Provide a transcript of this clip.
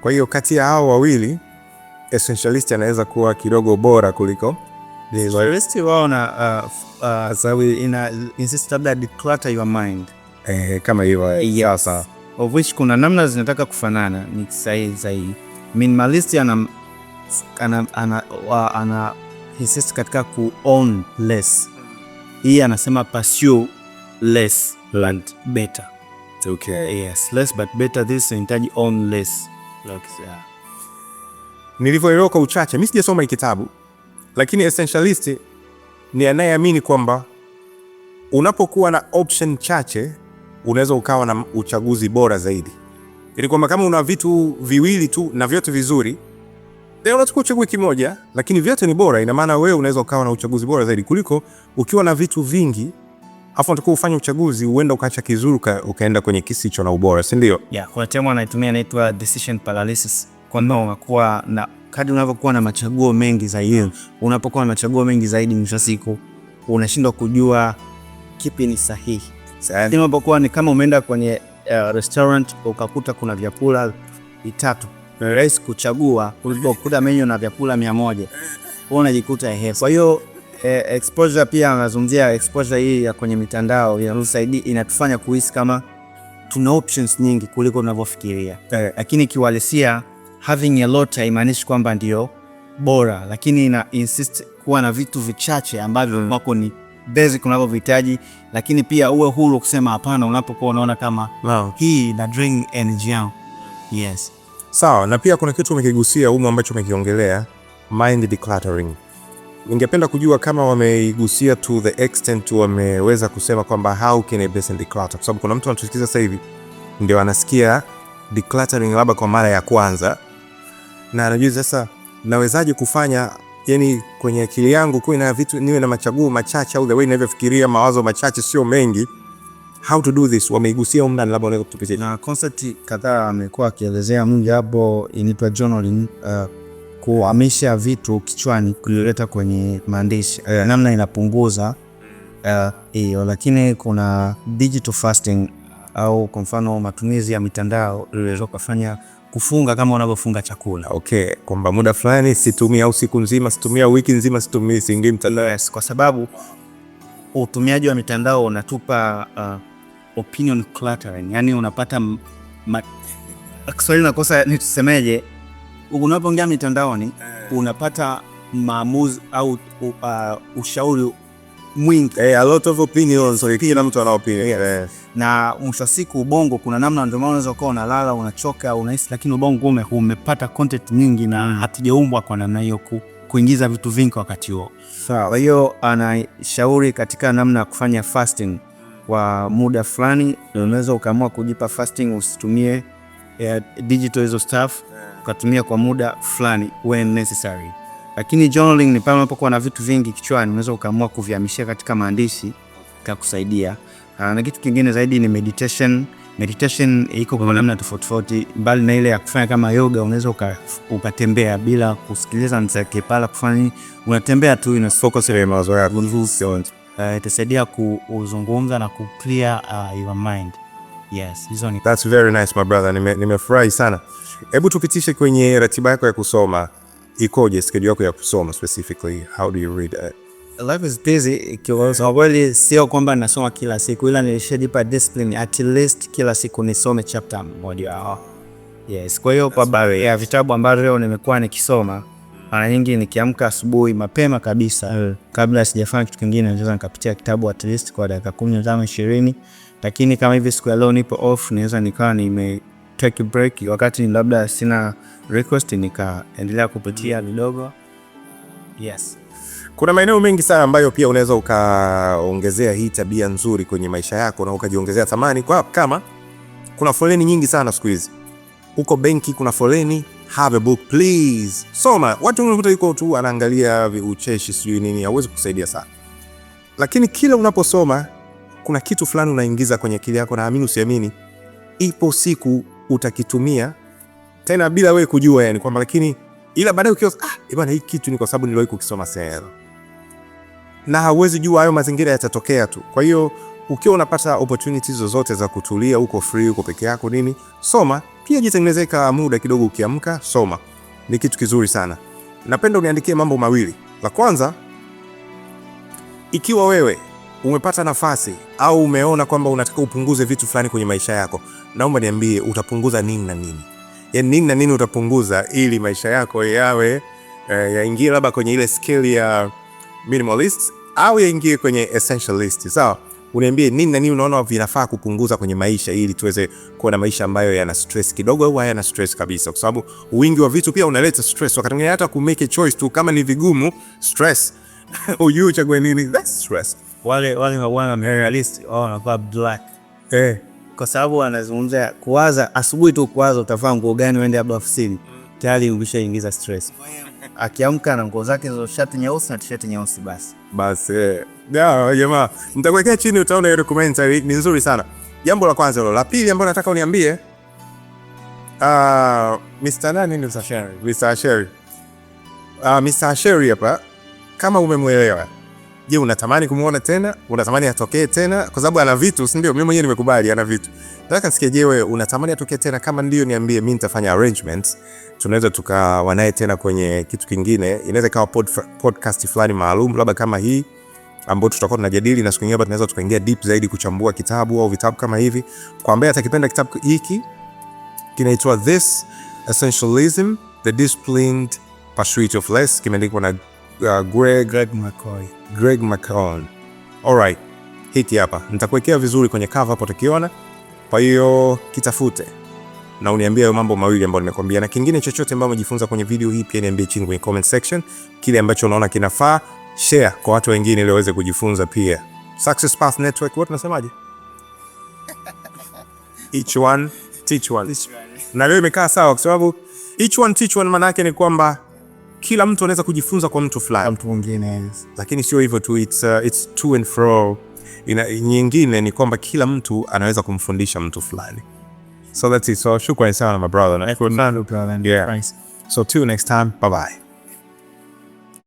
Kwa hiyo kati ya hao wawili essentialist anaweza kuwa kidogo bora kuliko essentialist. Wao na uh, uh, zawi ina insist labda declutter your mind, eh, kama hivyo eh, yes. Sasa of which kuna namna zinataka kufanana, ni sahihi zaidi. Minimalist ana ana ana, wa, ana insist katika ku own less, hii anasema pursue less land better. Okay, yes, less but better, this inahitaji own less Nilivyoelewa kwa uchache, mi sijasoma hiki kitabu, lakini essentialist ni anayeamini kwamba unapokuwa na option chache unaweza ukawa na uchaguzi bora zaidi, ili kwamba kama una vitu viwili tu na vyote vizuri, then unachukua uchague kimoja, lakini vyote ni bora. Ina maana wewe unaweza ukawa na uchaguzi bora zaidi kuliko ukiwa na vitu vingi afu unatakiwa ufanye uchaguzi, uenda ukaacha kizuri ukaenda kwenye kisicho na ubora, si ndio? Yeah, kuna term anaitumia inaitwa decision paralysis, Kwa kwamba unakuwa na kadri unavyokuwa na machaguo mengi zaidi, unapokuwa na machaguo mengi zaidi, mwisho wa siku unashindwa kujua kipi ni sahihi. Unapokuwa ni kama umeenda kwenye uh, restaurant ukakuta kuna vyakula vitatu rahisi kuchagua kuliko kukuta menyu na vyakula mia moja unajikuta ehe. Kwa hiyo eh, exposure pia anazungumzia exposure hii ya kwenye mitandao inatusaidia, inatufanya kuhisi kama tuna options nyingi kuliko tunavyofikiria, eh. lakini kiuhalisia having a lot haimaanishi kwamba ndio bora, lakini ina insist kuwa na vitu vichache ambavyo mm. wako ni basic unavyohitaji, lakini pia uwe huru kusema hapana unapokuwa unaona kama wow, hii na drain energy yao Yes, sawa. Na pia kuna kitu umekigusia humo ambacho umekiongelea mind decluttering ningependa kujua kama wameigusia to the extent wameweza kusema kwamba how can a person declutter, kwa sababu kuna mtu anatusikiza sasa hivi ndio anasikia decluttering labda kwa mara ya kwanza, na anajua sasa nawezaje kufanya yani kwenye akili yangu kuwe na vitu, niwe na machaguo machache, au the way ninavyofikiria mawazo machache, sio mengi. How to do this, wameigusia huko ndani, labda unaweza kutupitia na concept kadhaa amekuwa akielezea mmoja hapo inaitwa journaling uh, kuhamisha vitu kichwani kulileta kwenye maandishi uh, namna inapunguza eh, hiyo uh, lakini kuna digital fasting au kwa mfano matumizi ya mitandao iliweza kufanya kufunga kama unavyofunga chakula. Okay, kwamba muda fulani situmia au siku nzima situmia, wiki nzima situmii, siingii mtandao. Yes, kwa sababu utumiaji wa mitandao unatupa uh, opinion cluttering, yani unapata Kiswahili nakosa, nitusemeje unapoingia mitandaoni eh. unapata maamuzi au uh, ushauri mwingi, hey, eh, a lot of opinions, kila mtu ana opinion yes. Na mwisho wa siku ubongo kuna namna, ndio maana unaweza ukawa unalala unachoka unahisi, lakini ubongo ume, umepata content nyingi na mm. hatujaumbwa kwa namna hiyo kuingiza vitu vingi wakati huo. Sawa, kwa hiyo anashauri katika namna ya kufanya fasting kwa muda fulani, unaweza ukaamua kujipa fasting, usitumie eh, digital hizo stuff yeah ukatumia kwa muda fulani when necessary. Lakini journaling ni pale unapokuwa na vitu vingi kichwani, unaweza ukaamua kuvihamishia katika maandishi kakusaidia. Ah, na kitu kingine zaidi ni meditation. Meditation iko kwa namna tofauti tofauti, mbali na ile ya kufanya kama yoga, unaweza ukatembea bila kusikiliza msakepala kufanya, unatembea tu, ina focus ile mawazo yako, itasaidia kuzungumza na ku clear ah, your mind. Yes, hizo ni. That's very nice my brother. Nime, nimefurahi sana. Hebu tupitishe kwenye ratiba yako ya kusoma. Ikoje schedule yako ya kusoma specifically? How do you read it? Life is busy. Kwa kweli sio kwamba nasoma kila siku ila nilishajipa discipline at least kila siku nisome chapter moja. Yes, kwa hiyo kwa baadhi ya vitabu ambavyo nimekuwa nikisoma mara nyingi nikiamka asubuhi mapema kabisa kabla sijafanya kitu kingine naweza nikapitia kitabu at least kwa dakika 15 20 lakini kama hivi siku ya leo nipo off, naweza nikawa nime take a break wakati labda sina request, nikaendelea kupitia mm. kidogo. Yes, kuna maeneo mengi sana ambayo pia unaweza ukaongezea hii tabia nzuri kwenye maisha yako na ukajiongezea thamani, kwa kama kuna foleni nyingi sana siku hizi huko benki, kuna foleni Have a book please, soma. Watu wanakuta yuko tu anaangalia ucheshi sijui nini, hawezi kusaidia sana, lakini kila unaposoma kuna kitu fulani unaingiza kwenye akili yako, naamini usiamini, ipo siku utakitumia tena bila wewe kujua, yani kwamba, lakini ila baadaye ukiwa ah, eh bwana, hii kitu ni kwa sababu niliwahi kukisoma sehemu, na hauwezi jua hayo mazingira yatatokea tu. Kwa hiyo ukiwa unapata opportunities zozote za kutulia, uko free, uko peke yako nini, soma pia, jitengenezee ka muda kidogo, ukiamka soma, ni kitu kizuri sana. Napenda uniandikie mambo mawili. La kwanza, ikiwa wewe umepata nafasi au umeona kwamba unataka upunguze vitu fulani kwenye maisha yako, naomba niambie utapunguza nini na nini? Yani nini na nini utapunguza ili maisha yako yawe eh, yaingie labda kwenye ile scale ya minimalist au yaingie kwenye essentialist, sawa? So, uniambie nini na nini unaona vinafaa kupunguza kwenye maisha ili tuweze kuwa na maisha ambayo yana stress kidogo au hayana stress kabisa, kwa sababu wingi wa vitu pia unaleta stress. Wakati mwingine hata ku make a choice tu kama ni vigumu stress Ujui uchague nini? That's Wale wanavaa black eh, kwa sababu wanazungumza kuwaza asubuhi tu, kuwaza utavaa nguo gani uende labda ofisini, tayari umeshaingiza stress. Akiamka na nguo zake za shati nyeusi na tishati nyeusi, basi basi eh. Jamaa nitakuwekea chini, utaona hiyo documentary ni nzuri sana. Jambo la kwanza hilo. La pili ambalo nataka uniambie ah, Mr. nani ni Mr. Sherry. Mr. Sherry. Ah, Mr. Sherry hapa kama umemwelewa. Je, unatamani kumuona tena? Unatamani atokee tena? Kwa sababu ana vitu, si ndio? Mimi mwenyewe nimekubali ana vitu. Nataka nisikie, je, wewe unatamani atokee tena? Kama ndio, niambie, mimi nitafanya arrangements. Tunaweza tukawa naye tena kwenye kitu kingine. Inaweza ikawa pod, podcast fulani maalum, labda kama hii ambayo tutakuwa tunajadili, na siku nyingine tunaweza tukaingia deep zaidi kuchambua kitabu au vitabu kama hivi. Kwa ambaye atakipenda kitabu hiki kinaitwa This Essentialism: The Disciplined Pursuit of Less, kimeandikwa na uh, Greg, Greg McCoy. Greg McCall. Alright. Hiki hapa nitakuwekea vizuri kwenye cover hapo utakiona. Kwa hiyo kitafute na uniambie hayo mambo mawili ambayo nimekwambia, na kingine chochote ambacho umejifunza kwenye video hii, pia niambie chini kwenye comment section kile ambacho unaona kinafaa. Share kwa watu wengine ili waweze kujifunza pia. Success Path Network, wote unasemaje? Each one teach one. Na leo imekaa sawa kwa sababu each one teach one maana yake ni kwamba kila mtu anaweza kujifunza kwa mtu fulani, mtu mwingine. Lakini sio hivyo tu, it's, uh, it's to and fro. Ina, nyingine ni kwamba kila mtu anaweza kumfundisha mtu fulani. So that's it. So shukrani sana my brother. Yeah. So till next time. Bye bye.